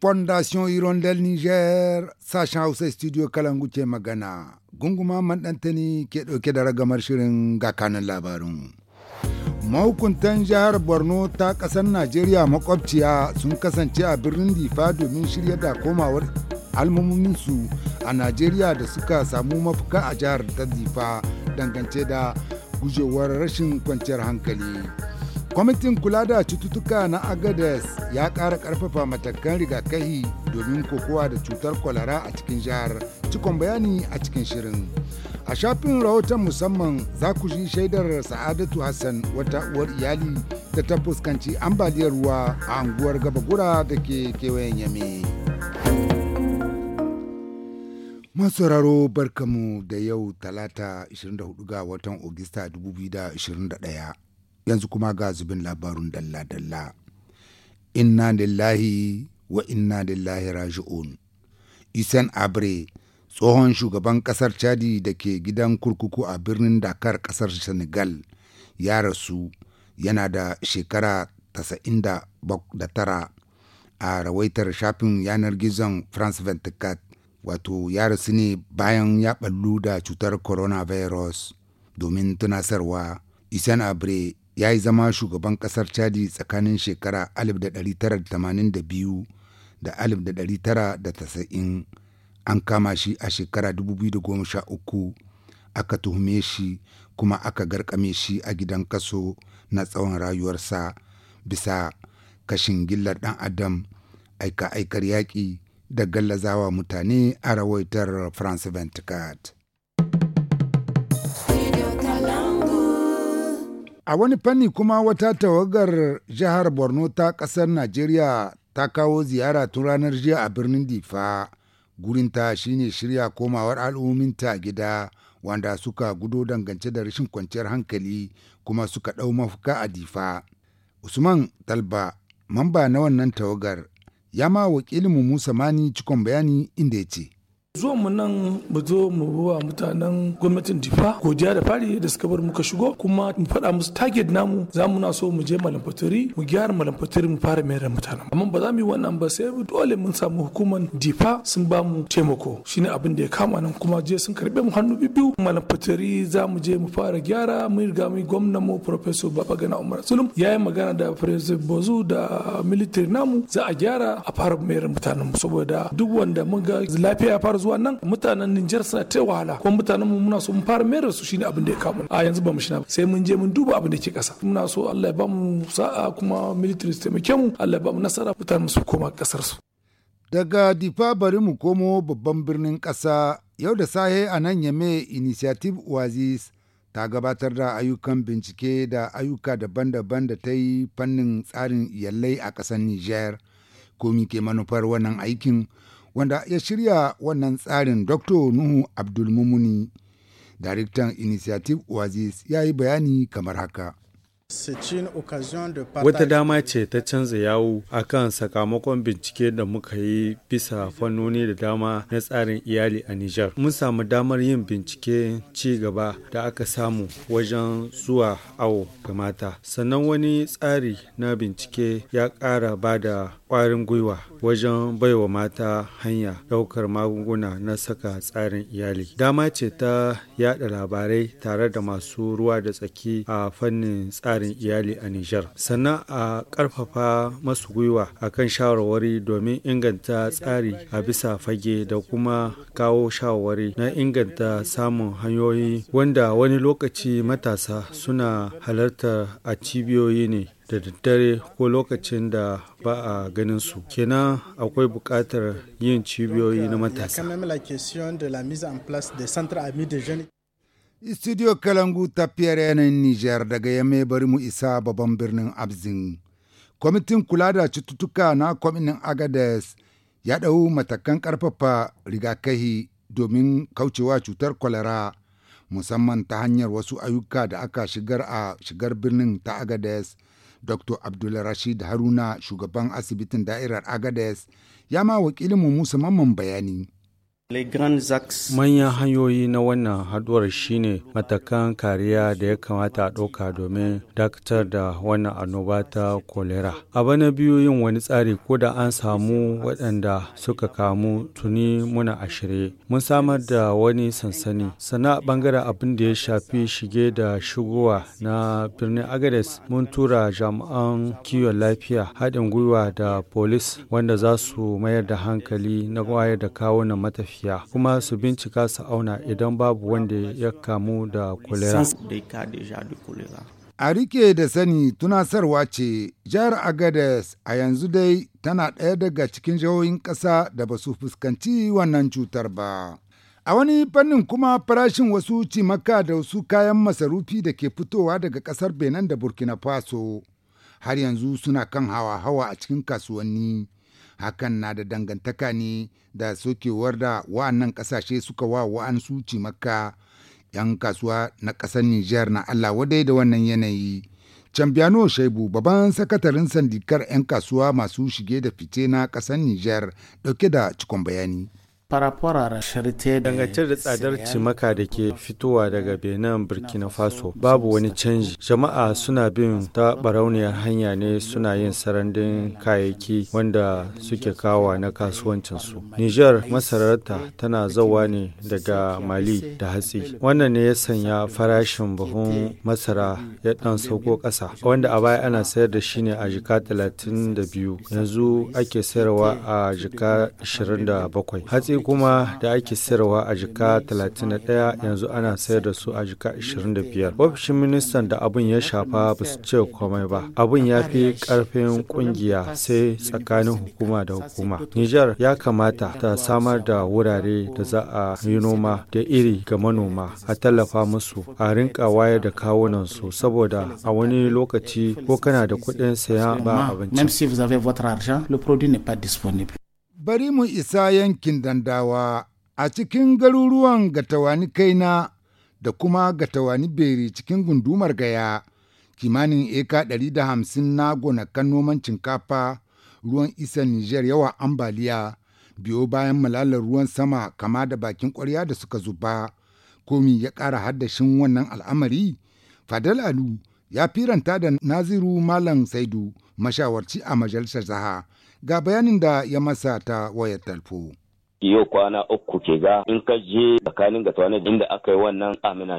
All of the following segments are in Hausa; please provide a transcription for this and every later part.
fondation hirondel niger sashen hausa studio kalan ke magana gunguma dantani ke ɗauke da ragamar shirin gakanin labarun. labarin mahukuntan jihar borno ta kasar najeriya makwabciya sun kasance a birnin difa domin shirya da komawar almamominsu a najeriya da suka samu mafuka a jihar ta difa dangance da gujewar rashin kwanciyar hankali kwamitin kula da cututtuka na agades ya ƙara ƙarfafa matakan rigakahi domin kokowa da cutar kwalara a cikin jihar cikon bayani a cikin shirin a shafin rahoton musamman za ku shi shaidar sa'adatu hassan wata uwar iyali da ta fuskanci ambaliyar ruwa a anguwar gabagura da ke kewayen yame masauraro barkamu da yau talata 24 ga watan ogista 2021 yanzu kuma ga zubin labarun dalla-dalla. Inna lillahi wa inna lillahi raji'un. Isen Abre, tsohon shugaban ƙasar Chadi da ke gidan kurkuku a birnin Dakar ƙasar Senegal, ya rasu yana da shekara tara a rawaitar shafin yanar gizon France 24 wato ya rasu ne bayan ya ɓallu da cutar coronavirus domin tunasarwa. Isan Abre ya yi zama shugaban ƙasar Chadi tsakanin shekara 1982 da 1990 an kama shi a shekara 2013 aka tuhume shi kuma aka garkame shi a gidan kaso na tsawon rayuwarsa bisa kashin gillar ɗan adam aika aikar yaƙi da gallazawa mutane a rawaitar France 24. A wani fanni kuma wata tawagar jihar Borno ta ƙasar Najeriya ta kawo ziyara tun ranar jiya a birnin Difa. Gurinta shine shirya komawar al'umminta gida wanda suka gudo dangance da rashin kwanciyar hankali kuma suka ɗau mafuka a Difa. Usman Talba, mamba na wannan tawagar, ya ma wakilinmu Musa Mani cikon bayani inda ya ce. zuwan mu nan mu zo mu wa mutanen gwamnatin difa godiya da fari da suka bar muka shigo kuma mu faɗa musu target namu za mu na so mu je malam mu gyara malam mu fara mayar da mutanen amma ba za mu yi wannan ba sai dole mun samu hukuman difa sun ba mu taimako shine abin da ya kama nan kuma je sun karbe mu hannu biyu malam za mu je mu fara gyara mun riga mu gwamnan mu professor babagana umar sulum ya yi magana da president bozu da military namu za a gyara a fara mayar da mutanen mu saboda duk wanda mun ga lafiya ya fara zuwa nan mutanen Nijar suna ta wahala kuma mutanen mu muna so mu fara mayar da su shine abin da ya kamu a yanzu ba mu shi sai mun je mun duba abin da ke kasa muna so Allah ya ba mu sa'a kuma military su taimake mu Allah ya ba mu nasara mutanen su koma kasar su daga difa bari mu komo babban birnin kasa yau da sahe a nan yame initiative oasis ta gabatar da ayyukan bincike da ayyuka daban-daban da ta yi fannin tsarin iyalai a ƙasar niger komi ke manufar wannan aikin wanda ya shirya wannan tsarin dr nuhu abdulmumuni daraktan initiative oasis ya yi bayani kamar haka Wata dama ce ta canza yawo a kan sakamakon bincike da muka yi bisa fannoni da dama na tsarin iyali a Nijar. Mun samu damar yin bincike ci gaba da aka samu wajen zuwa awo ga mata. Sannan wani tsari na bincike ya ƙara ba da ƙwarin gwiwa wajen baiwa mata hanya ɗaukar magunguna na saka tsarin iyali. Dama ce ta yaɗa labarai tare da masu ruwa da tsaki a fannin tsari. tsarin iyali a Nijar. Sannan a ƙarfafa masu gwiwa a kan shawarwari domin inganta tsari a bisa fage da kuma kawo shawarwari na inganta samun hanyoyi wanda wani lokaci matasa suna halarta a cibiyoyi ne da daddare ko lokacin da ba a ganin su kenan akwai buƙatar yin cibiyoyi na matasa Studio Kalangu tafiyar yanayin Nijar daga Yame bari mu isa babban birnin Abzin. Kwamitin kula da cututtuka na kwamitin Agades ya ɗau matakan ƙarfafa rigakahi domin kaucewa cutar kwalara musamman ta hanyar wasu ayyuka da aka shigar a shigar birnin ta Agades. Dr. Abdulrashid Haruna shugaban asibitin da'irar Agades ya ma wakilinmu Musa Mamman bayani. Manyan hanyoyi na wannan haduwar shine matakan kariya da ya kamata a ɗauka domin dakatar da wannan annoba ta kolera. A bana biyu yin wani tsari ko da an samu waɗanda suka kamu tuni muna a shirye. Mun samar da wani sansani. Sana ɓangaren abin da ya shafi shige da shigowa na birnin Agades mun tura jami'an kiwon lafiya haɗin gwiwa da polis wanda za su mayar da hankali na wayar da na matafi. gaskiya kuma su bincika su auna idan babu wanda ya kamu da kolera. A rike da sani tunasarwa ce jihar agadez a yanzu dai tana ɗaya daga cikin jihohin ƙasa da ba su fuskanci wannan cutar ba. A wani fannin kuma farashin wasu cimaka da wasu kayan masarufi da ke fitowa daga ƙasar Benin da Burkina Faso har yanzu suna kan hawa-hawa a cikin kasuwanni. hakan na da dangantaka ne da sokewar da wa'annan kasashe suka wa wa'ansu cimakka 'yan kasuwa na ƙasar Nijar na Allah wadai da wannan yanayi. Cambiano Shaibu babban sakatarin sandikar 'yan kasuwa masu shige da fice na ƙasar Nijar ɗauke da cikon bayani. Dangantar da tsadar cimaka da ke fitowa daga Benin Burkina Faso babu wani canji. Jama'a suna bin ta barauniyar hanya ne suna yin sarandin kayayyaki wanda suke kawo na kasuwancinsu. Nijar masararta tana zawa ne daga Mali da hatsi. Wannan ne ya sanya farashin buhun masara ya dan sauko kasa Wanda a baya ana sayar da shi ne a jika 32 yanzu ake sayarwa a jika 27. Hatsi kuma da ake sayarwa a jika 31 yanzu ana sayar da su a jika 25. Ofishin ministan da abin ya shafa ba su ce komai ba. Abin ya fi karfin kungiya sai tsakanin hukuma da hukuma. Nijar ya kamata ta samar da wurare da za a yi noma da iri ga manoma a tallafa musu a rinka wayar da kawunan su saboda a wani lokaci ko kana da kuɗin sayan ba abinci. bari mu isa yankin dandawa a cikin garuruwan gatawani kaina da kuma gatawani beri cikin gundumar gaya kimanin eka 150 na gonakan noman cinkafa ruwan isa nijar yawa ambaliya biyo bayan malalar ruwan sama kama da bakin kwarya da suka zuba komi ya ƙara haddashin wannan al'amari fadal alu ya firanta da naziru malam saidu mashawarci a majalisar zaha ga bayanin da ya masa ta wayar talfo. yau kwana uku ke ga in ka je tsakanin ga tawanin inda aka yi wannan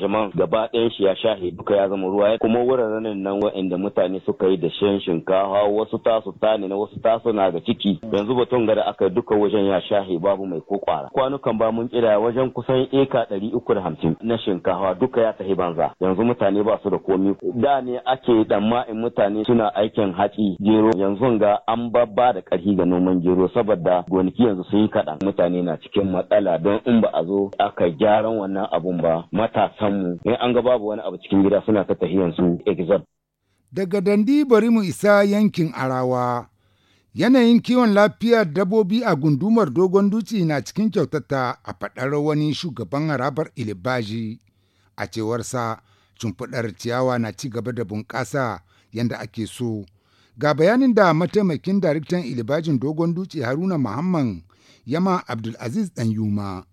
jama'a. gaba ɗayan shi ya shahe duka ya zama ruwa kuma wuraren nan wa'inda mutane suka yi da shan shinkafa wasu tasu tani na wasu tasu na ga ciki yanzu batun gada aka yi duka wajen ya shahe babu mai ko kwara kwanukan ba mun kira wajen kusan eka ɗari uku da hamsin na shinkafa duka ya tafi banza yanzu mutane ba su da komi da ne ake damma in mutane suna aikin hatsi gero yanzu ga an babba da ƙarfi ga noman gero saboda gonaki yanzu sun yi kaɗan mutane mutane na cikin matsala don in ba a zo aka gyaran wannan abun ba matasan mu in an ga babu wani abu cikin gida suna ta tahiyan su exam. Daga dandi bari mu isa yankin Arawa. Yanayin kiwon lafiyar dabobi a gundumar dogon duci na cikin kyautata a faɗar wani shugaban harabar ilibaji. A cewar sa cumfuɗar ciyawa na ci gaba da bunƙasa yadda ake so. Ga bayanin da mataimakin daraktan ilibajin dogon duci Haruna Muhammad Yama Abdulaziz yuma.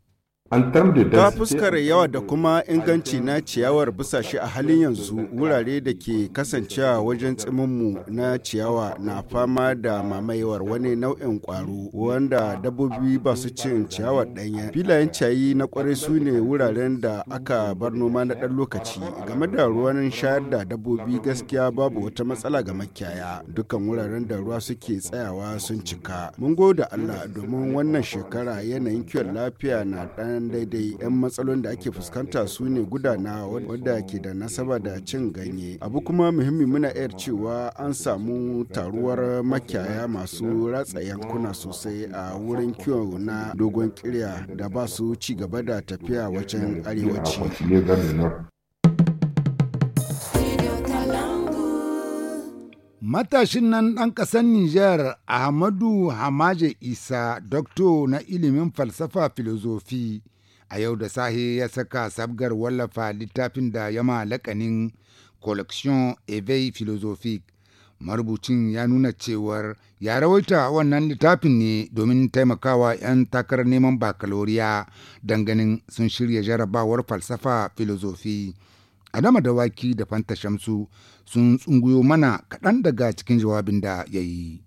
ta fuskar yawa da kuma inganci na ciyawar bisa shi a halin yanzu wurare da ke kasancewa wajen tsiminmu na ciyawa na fama da mamayewar wani nau'in kwaro wanda dabbobi ba su cin ciyawar ɗanya filayen ciyayi na kwarai su ne wuraren da aka bar noma na ɗan lokaci game da ruwan shayar da dabbobi gaskiya babu wata matsala ga makiyaya dukkan wuraren da ruwa suke tsayawa sun cika mun goda allah domin wannan shekara yanayin kiwon lafiya na ɗan nan daidai yan matsalolin da ake fuskanta su ne gudana wadda ke da nasaba da cin ganye abu kuma muhimmi muna yar cewa an samu taruwar makiyaya masu ratsa yankuna sosai a wurin kiwon na dogon kirya da ba su ci gaba da tafiya wajen arewaci Matashin nan ɗan ƙasar Nijar Ahmadu Hamaje Isa, dokto na ilimin falsafa filozofi, a yau da sahi ya saka sabgar wallafa littafin da yama lakanin collection Evey philosophique marubucin ya nuna cewar ya rawaita wannan littafin ne domin taimakawa 'yan takarar neman bakaloriya danganin sun shirya jarabawar falsafa filozofi adama da waki da fanta shamsu sun tsunguyo mana kaɗan daga cikin jawabin da ya yi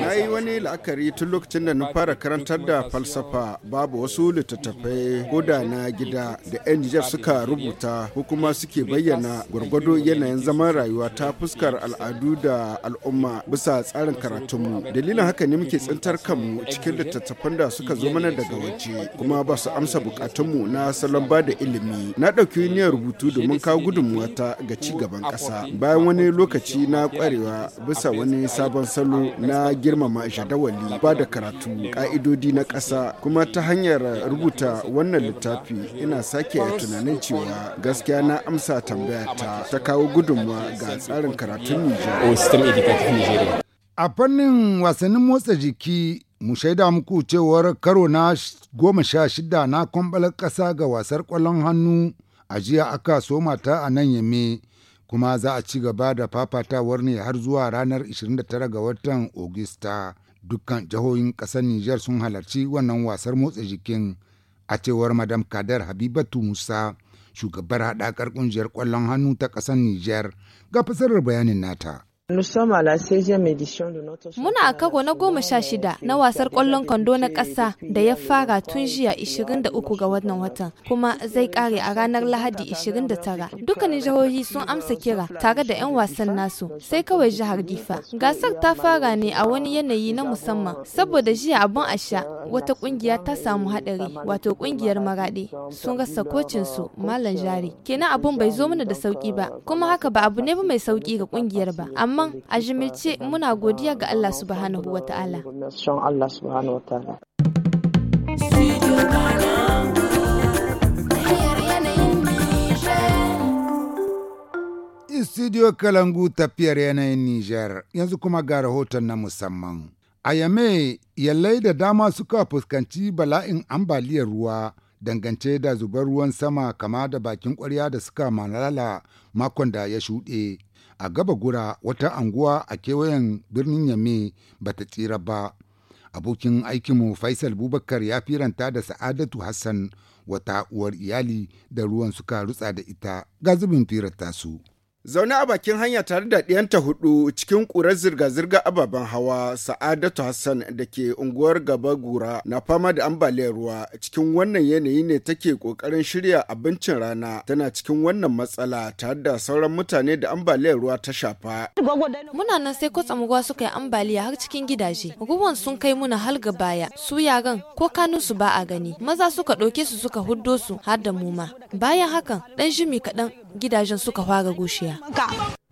na yi wani la'akari tun lokacin da na fara karantar da falsafa babu wasu littattafai koda na gida da 'yan nijar suka rubuta ko kuma suke bayyana gwargwado yanayin zaman rayuwa ta fuskar al'adu da al'umma bisa tsarin karatunmu dalilin haka ne muke tsintar kanmu cikin littattafan da suka zo mana daga waje kuma ba su amsa bukatunmu na salon ba da ilimi na ɗauki niyyar rubutu domin kawo gudunmuwata ga ci gaban ƙasa bayan wani lokaci na ƙwarewa bisa wani sabon salo na girmama jadawali ba da karatu ka'idodi na ƙasa kuma ta hanyar rubuta wannan littafi ina sake a tunanin cewa gaskiya na amsa tambaya ta ta kawo gudunmawa ga tsarin karatun Nijar. A fannin wasannin motsa jiki mu shaida muku cewar karo na goma sha shida na kwambalar ƙasa ga wasar ƙwallon hannu a jiya aka soma ta a nan yame kuma za a ci gaba da fafatawar ne har zuwa ranar 29 ga watan Ogista. Dukkan jihohin ƙasar Nijar sun halarci wannan wasar motsa jikin a cewar Madam Kadar Habibatu Musa, shugabar haɗakar ƙungiyar ƙwallon hannu ta ƙasar Nijar ga fasarar bayanin nata. Muna a kago na goma sha shida na wasar ƙwallon kwando na ƙasa da ya fara tun jiya 23 ga wannan watan kuma zai ƙare a ranar Lahadi 29. Dukkanin jihohi sun amsa kira tare da 'yan wasan nasu sai kawai jihar Difa. Gasar ta fara ne a wani yanayi na musamman saboda jiya abin a sha wata ƙungiya ta samu haɗari wato ƙungiyar maraɗe sun rasa kocinsu Malam Jari. Kenan abin bai zo mana da sauki ba kuma haka ba abu ne ba mai sauƙi ga ƙungiyar ba amma amma a jimirce muna godiya ga Allah subhanahu wa ta'ala. Studio Kalangu tafiyar yanayin Nijar yanzu kuma ga rahoton na musamman. A Yame, yallai da dama suka fuskanci bala'in ambaliyar ruwa dangance da zubar ruwan sama kama da bakin kwarya da suka malala makon da ya shuɗe. A gaba gura wata anguwa a kewayen birnin Yamme ba ta tsira ba. Abokin aikinmu Faisal Bubakar ya firanta da Sa'adatu Hassan wata uwar iyali da ruwan suka rutsa da ita ga zubin firanta su. Zaune a bakin hanya tare da ɗiyanta hudu cikin ƙurar zirga-zirga ababen hawa Sa'adatu Hassan da ke unguwar Gaba Gura na fama da ambaliyar ruwa cikin wannan yanayi ne take ƙoƙarin shirya abincin rana tana cikin wannan matsala tare da sauran mutane da ambaliyar ruwa ta shafa. Muna nan sai kwatsam ruwa suka yi ambaliya har cikin gidaje. Ruwan sun kai muna hal ga baya. Su yaran ko kanun su ba a gani. Maza suka ɗauke su suka huddo su har da mu ma. Bayan hakan ɗan shimi kaɗan gidajen suka fara gushiya.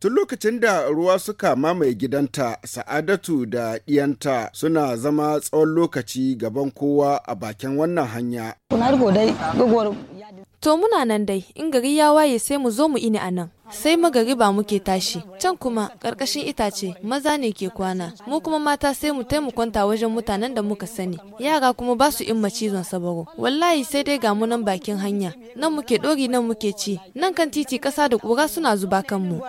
Tun lokacin da ruwa suka mamaye gidanta, Sa'adatu da ɗiyanta suna zama tsawon lokaci gaban kowa a bakin wannan hanya. To muna nan dai, in gari ya waye sai mu zo mu ini a nan. sai magari ba muke tashi can kuma ƙarƙashin itace maza ne ke kwana mu kuma mata sai mu taimu wajen mutanen da muka sani yara kuma ba su in macizon sabaro wallahi sai dai ga nan bakin hanya nan muke ɗori nan muke ci nan kan titi ƙasa da ƙura suna zuba kan mu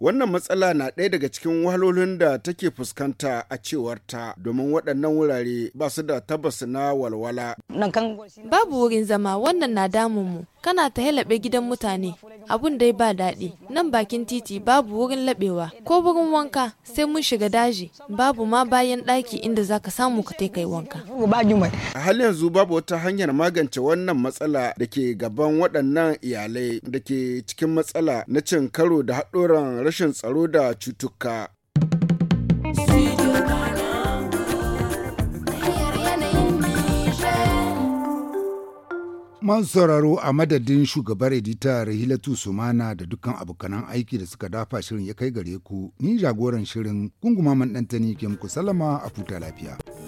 Wannan matsala na ɗaya daga cikin wahalolin da take fuskanta a cewarta domin waɗannan wurare ba su da tabbas na walwala. Babu wurin zama wannan na damun mu. kana ta halabe gidan mutane abun dai ba daɗi nan bakin titi babu wurin labewa ko wurin wanka sai mun shiga daji babu ma bayan ɗaki inda zaka samu ka kai wanka a hal yanzu babu wata hanyar magance wannan matsala da ke gaban waɗannan iyalai da ke cikin matsala na cin karo da haɗoran rashin tsaro da cutuka. Masu sauraro a madadin shugabar edita Rahilatu Sumana da dukkan abokanan aiki da suka dafa shirin ya kai gare ku, ni jagoran shirin gunguma man ɗantani ke muku salama a futa lafiya.